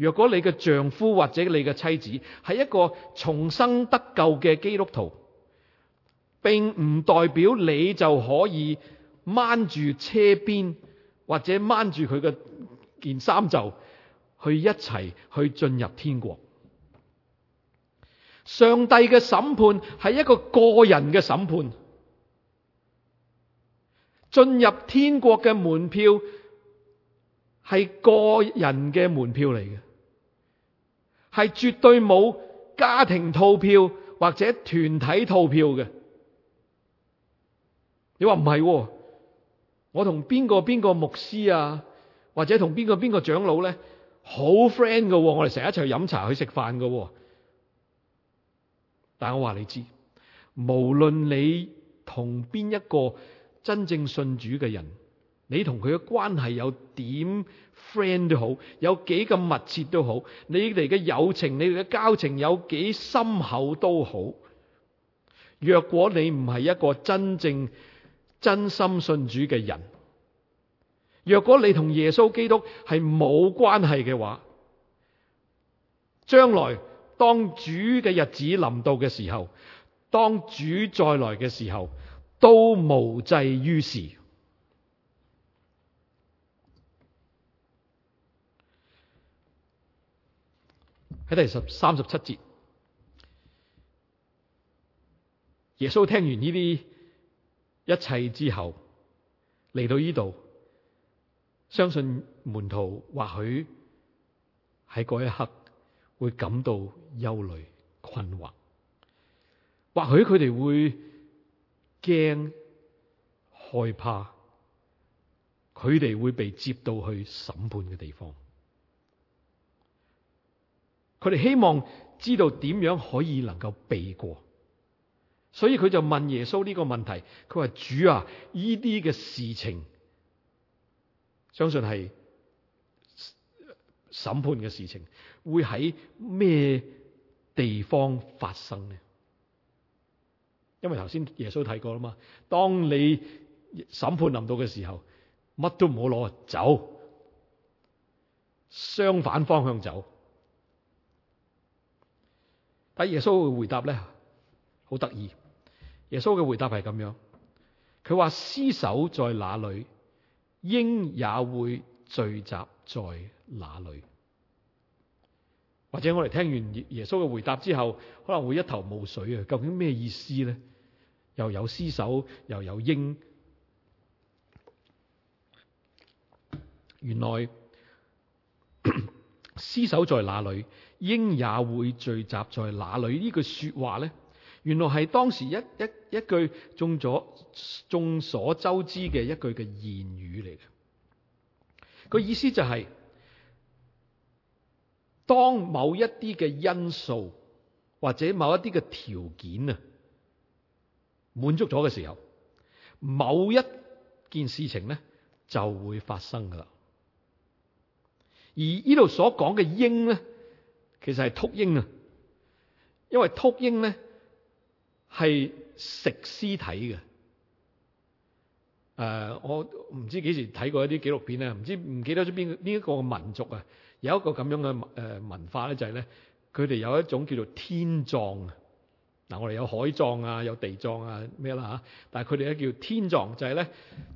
若果你嘅丈夫或者你嘅妻子係一個重生得救嘅基督徒，並唔代表你就可以掹住車邊，或者掹住佢嘅件衫袖，去一齊去進入天國。上帝嘅審判係一個個人嘅審判，進入天國嘅門票係個人嘅門票嚟嘅。係絕對冇家庭套票或者團體套票嘅。你話唔係喎，我同邊個邊個牧師啊，或者同邊個邊個長老咧，好 friend 㗎喎。我哋成日一齊去飲茶去食飯㗎喎。但係我話你知，無論你同邊一個真正信主嘅人。你同佢嘅關係有點 friend 都好，有幾咁密切都好，你哋嘅友情、你哋嘅交情有幾深厚都好。若果你唔係一個真正真心信主嘅人，若果你同耶穌基督係冇關係嘅話，將來當主嘅日子臨到嘅時候，當主再來嘅時候，都無濟於事。喺第十三十七節，耶穌聽完呢啲一切之後，嚟到呢度，相信門徒或許喺嗰一刻會感到憂慮、困惑，或許佢哋會驚害怕，佢哋會被接到去審判嘅地方。佢哋希望知道點樣可以能夠避過，所以佢就問耶穌呢個問題。佢話：主啊，依啲嘅事情，相信係審判嘅事情，會喺咩地方發生呢？因為頭先耶穌睇過啦嘛，當你審判臨到嘅時候，乜都唔好攞，走，相反方向走。阿耶穌嘅回答咧，好得意。耶穌嘅回答係咁樣，佢話：屍首在哪裡，鷹也會聚集在哪裡。或者我哋聽完耶穌嘅回答之後，可能會一頭霧水啊！究竟咩意思咧？又有屍首，又有鷹。原來屍首在哪 裡。鷹也會聚集在哪裡？呢句說話咧，原來係當時一一一,一句中咗眾所周知嘅一句嘅諺語嚟嘅。佢意思就係、是，當某一啲嘅因素或者某一啲嘅條件啊滿足咗嘅時候，某一件事情咧就會發生噶啦。而呢度所講嘅鷹咧。其實係禿鷹啊，因為禿鷹咧係食屍體嘅。誒、呃，我唔知幾時睇過一啲紀錄片咧，唔知唔記得咗邊邊一個民族啊，有一個咁樣嘅誒文、呃、文化咧，就係、是、咧，佢哋有一種叫做天葬。啊。嗱，我哋有海葬啊，有地葬啊，咩啦吓、啊，但係佢哋咧叫天葬，就係、是、咧，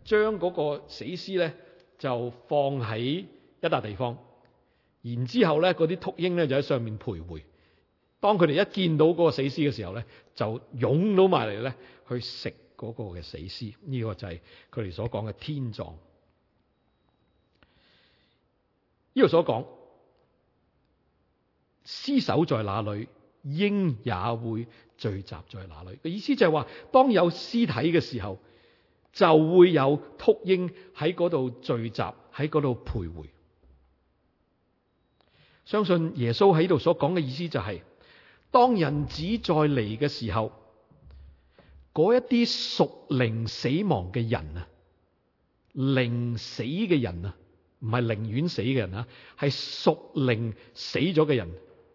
將嗰個死屍咧就放喺一笪地方。然之後咧，嗰啲禿鷹咧就喺上面徘徊。當佢哋一見到嗰個死屍嘅時候咧，就湧到埋嚟咧去食嗰個嘅死屍。呢個就係佢哋所講嘅天葬。呢度所講，屍首在哪裡，鷹也會聚集在哪裡。嘅意思就係話，當有屍體嘅時候，就會有禿鷹喺嗰度聚集，喺嗰度徘徊。相信耶穌喺度所講嘅意思就係，當人子再嚟嘅時候，一啲屬靈死亡嘅人啊，靈死嘅人啊，唔係寧願死嘅人啊，係屬靈死咗嘅人，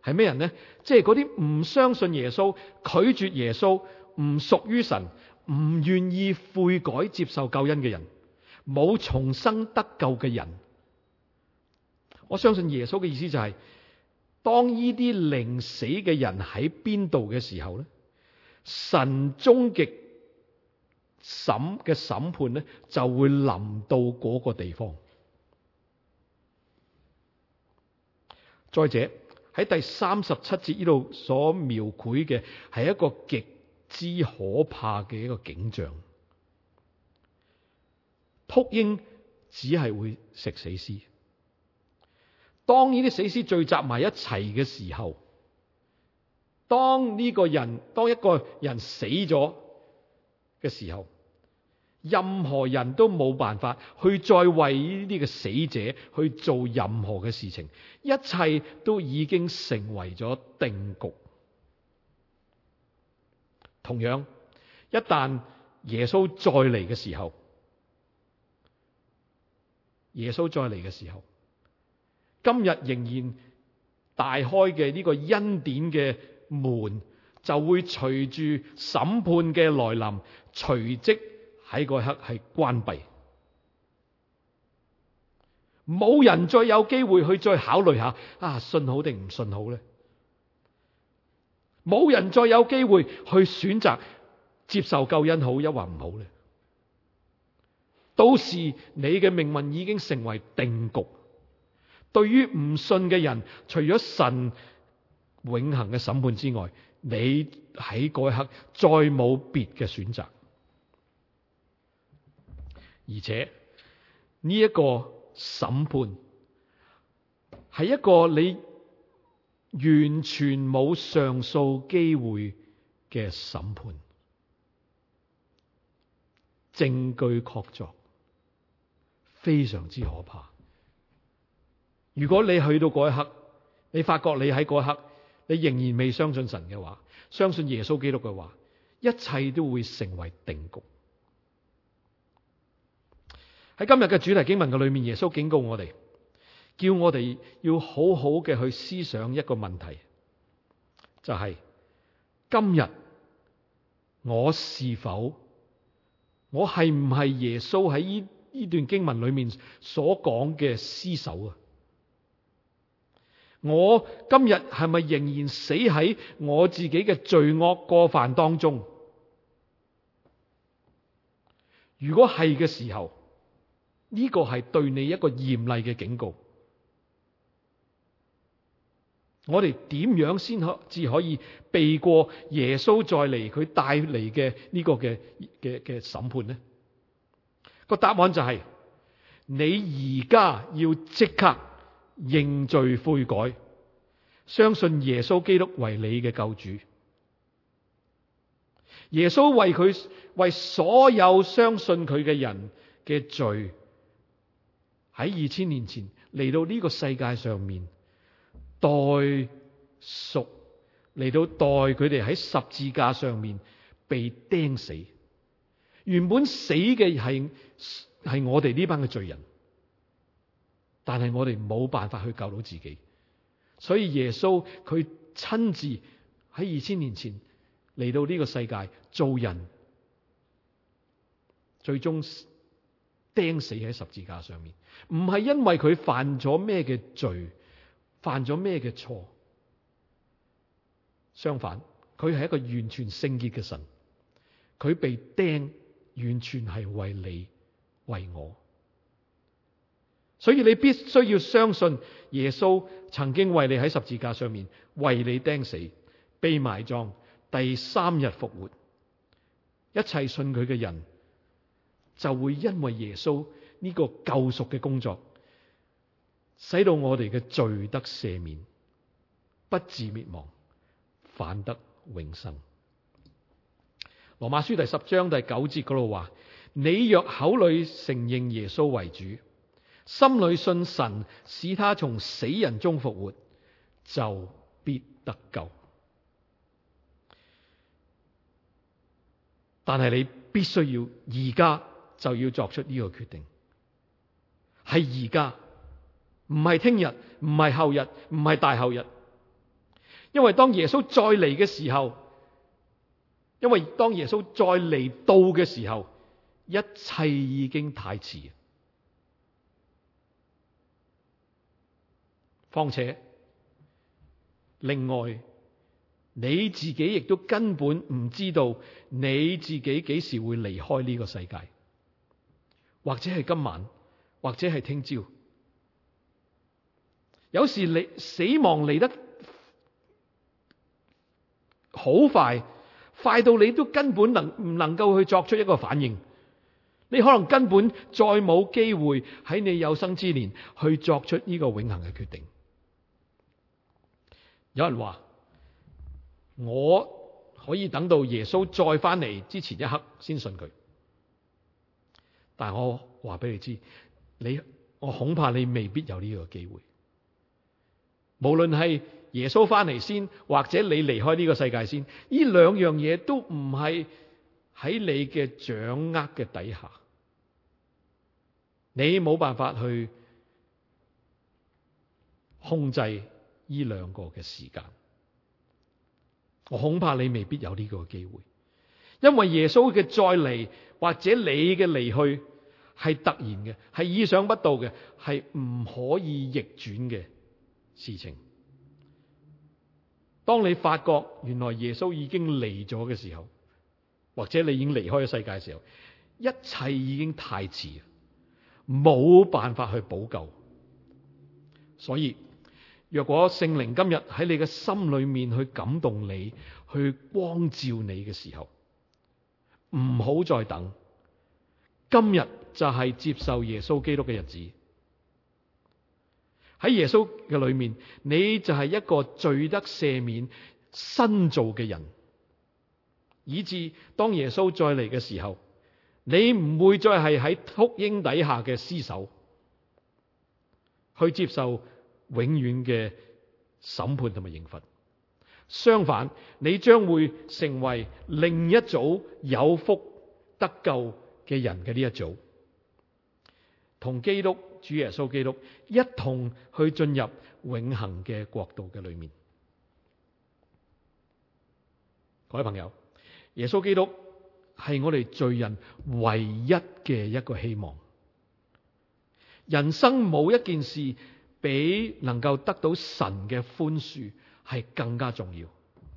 係咩人咧？即係啲唔相信耶穌，拒絕耶穌，唔屬於神、唔願意悔改接受救恩嘅人，冇重生得救嘅人。我相信耶穌嘅意思就係、是，當呢啲靈死嘅人喺邊度嘅時候咧，神終極審嘅審判咧就會臨到個地方。再者喺第三十七節呢度所描繪嘅係一個極之可怕嘅一個景象，禿鷹只係會食死屍。當呢啲死屍聚集埋一齊嘅時候，當呢個人，當一個人死咗嘅時候，任何人都冇辦法去再為呢個死者去做任何嘅事情，一切都已經成為咗定局。同樣，一旦耶穌再嚟嘅時候，耶穌再嚟嘅時候。今日仍然大開嘅呢個恩典嘅門，就會隨住審判嘅來臨，隨即喺嗰刻係關閉。冇人再有機會去再考慮下啊，信好定唔信好咧？冇人再有機會去選擇接受救恩好，抑或唔好咧？到時你嘅命運已經成為定局。對於唔信嘅人，除咗神永恒嘅審判之外，你喺嗰一刻再冇別嘅選擇。而且呢一個審判係一個你完全冇上訴機會嘅審判，證據確鑿，非常之可怕。如果你去到嗰一刻，你發覺你喺嗰一刻，你仍然未相信神嘅話，相信耶穌基督嘅話，一切都會成為定局。喺今日嘅主題經文嘅裏面，耶穌警告我哋，叫我哋要好好嘅去思想一個問題，就係、是、今日我是否，我係唔係耶穌喺呢呢段經文裏面所講嘅屍首啊？我今日係咪仍然死喺我自己嘅罪惡過犯當中？如果係嘅時候，呢個係對你一個嚴厲嘅警告。我哋點樣先可至可以避過耶穌再嚟佢帶嚟嘅呢個嘅嘅嘅審判呢？個答案就係你而家要即刻。認罪悔改，相信耶穌基督為你嘅救主。耶穌為佢為所有相信佢嘅人嘅罪，喺二千年前嚟到呢個世界上面代贖，嚟到代佢哋喺十字架上面被釘死。原本死嘅係係我哋呢班嘅罪人。但係我哋冇辦法去救到自己，所以耶穌佢親自喺二千年前嚟到呢個世界做人，最終釘死喺十字架上面，唔係因為佢犯咗咩嘅罪，犯咗咩嘅錯。相反，佢係一個完全聖潔嘅神，佢被釘完全係為你、為我。所以你必須要相信耶穌曾經為你喺十字架上面為你釘死、被埋葬、第三日復活。一切信佢嘅人就會因為耶穌呢個救贖嘅工作，使到我哋嘅罪得赦免，不至滅亡，反得永生。羅馬書第十章第九節嗰度話：你若口裡承認耶穌為主。心裡信神，使他從死人中復活，就必得救。但係你必須要而家就要作出呢個決定，係而家，唔係聽日，唔係後日，唔係大後日。因為當耶穌再嚟嘅時候，因為當耶穌再嚟到嘅時候，一切已經太遲。況且，另外你自己亦都根本唔知道你自己幾時會離開呢個世界，或者係今晚，或者係聽朝。有時你死亡嚟得好快，快到你都根本能唔能夠去作出一個反應。你可能根本再冇機會喺你有生之年去作出呢個永恆嘅決定。有人話我可以等到耶穌再翻嚟，之前一刻先信佢，但係我話俾你知，你我恐怕你未必有呢個機會。無論係耶穌翻嚟先，或者你離開呢個世界先，呢兩樣嘢都唔係喺你嘅掌握嘅底下，你冇辦法去控制。依兩個嘅時間，我恐怕你未必有呢個機會，因為耶穌嘅再嚟，或者你嘅離去係突然嘅，係意想不到嘅，係唔可以逆轉嘅事情。當你發覺原來耶穌已經嚟咗嘅時候，或者你已經離開咗世界嘅時候，一切已經太遲，冇辦法去補救，所以。若果聖靈今日喺你嘅心裏面去感動你，去光照你嘅時候，唔好再等。今日就係接受耶穌基督嘅日子。喺耶穌嘅裏面，你就係一個罪得赦免、新造嘅人，以至當耶穌再嚟嘅時候，你唔會再係喺禿鷹底下嘅屍首，去接受。永遠嘅審判同埋刑罰，相反，你將會成為另一組有福得救嘅人嘅呢一組，同基督主耶穌基督一同去進入永恆嘅國度嘅裏面。各位朋友，耶穌基督係我哋罪人唯一嘅一個希望，人生冇一件事。比能夠得到神嘅寬恕係更加重要，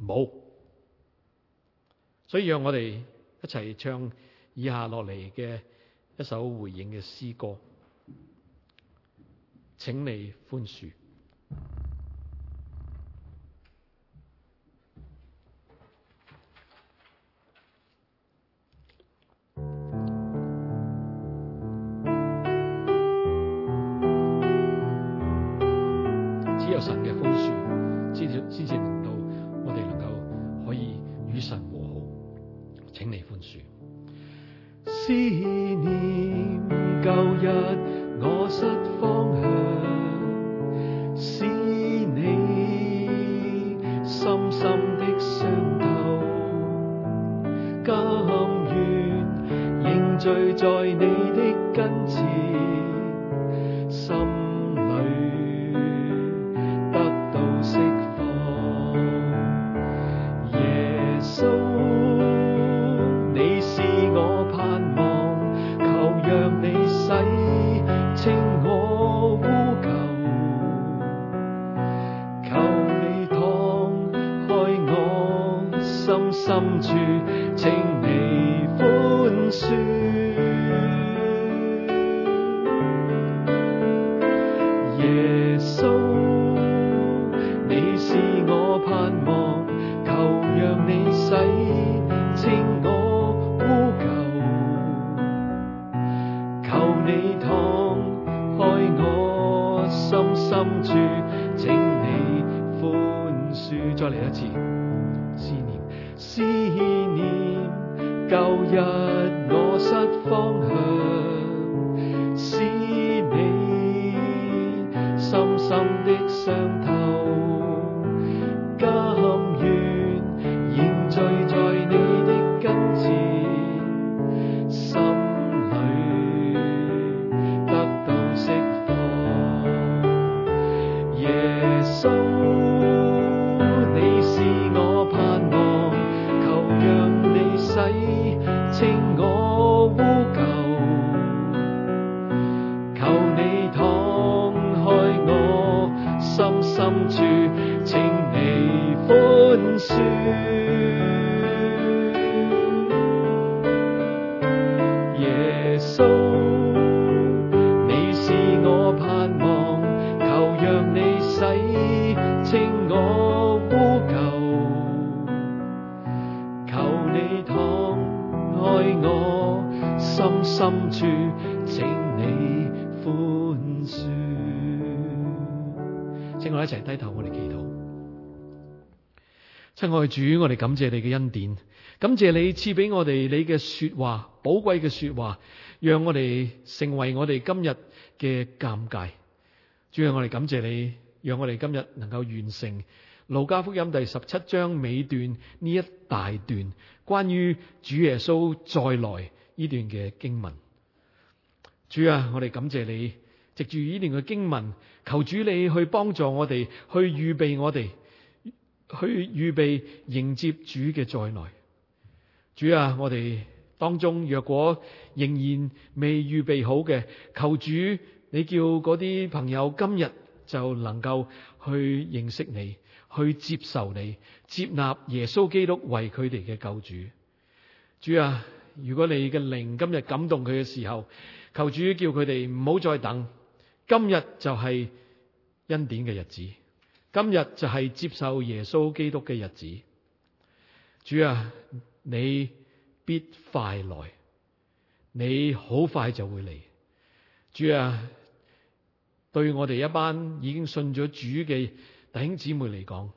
冇。所以讓我哋一齊唱以下落嚟嘅一首回應嘅詩歌，請你寬恕。舊日我失方向，使你深深的傷。主，我哋感謝你嘅恩典，感謝你賜俾我哋你嘅說話，寶貴嘅說話，讓我哋成為我哋今日嘅鑑戒。主啊，我哋感謝你，讓我哋今日能夠完成《路加福音》第十七章尾段呢一大段關於主耶穌再來呢段嘅經文。主啊，我哋感謝你，藉住呢段嘅經文，求主你去幫助我哋，去預備我哋。去預備迎接主嘅再來，主啊，我哋當中若果仍然未預備好嘅，求主你叫嗰啲朋友今日就能夠去認識你，去接受你，接納耶穌基督為佢哋嘅救主。主啊，如果你嘅靈今日感動佢嘅時候，求主叫佢哋唔好再等，今日就係恩典嘅日子。今日就係接受耶穌基督嘅日子，主啊，你必快來，你好快就會嚟。主啊，對我哋一班已經信咗主嘅弟兄姊妹嚟講，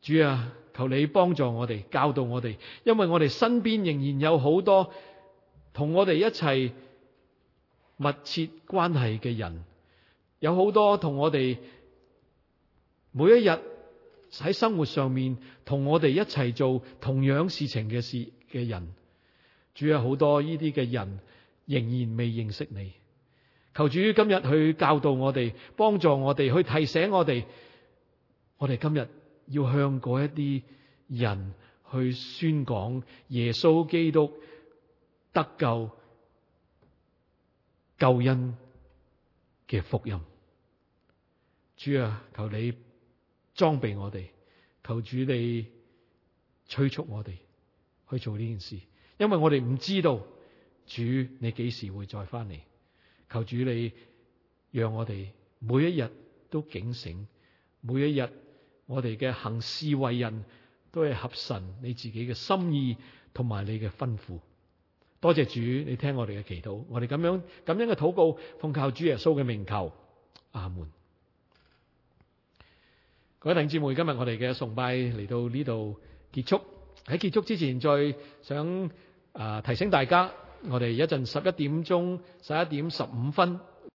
主啊，求你幫助我哋，教導我哋，因為我哋身邊仍然有好多同我哋一齊密切關係嘅人，有好多同我哋。每一日喺生活上面同我哋一齊做同樣事情嘅事嘅人，主，有好多呢啲嘅人仍然未認識你。求主今日去教導我哋，幫助我哋，去提醒我哋，我哋今日要向嗰一啲人去宣講耶穌基督得救救恩嘅福音。主啊，求你。裝備我哋，求主你催促我哋去做呢件事，因為我哋唔知道主你幾時會再翻嚟。求主你讓我哋每一日都警醒，每一日我哋嘅行事為人都係合神你自己嘅心意同埋你嘅吩咐。多謝主，你聽我哋嘅祈禱，我哋咁樣咁樣嘅禱告，奉靠主耶穌嘅名求，阿門。各位弟兄姊妹，今日我哋嘅崇拜嚟到呢度結束。喺結束之前，再想啊、呃、提醒大家，我哋一陣十一點鐘，十一點十五分。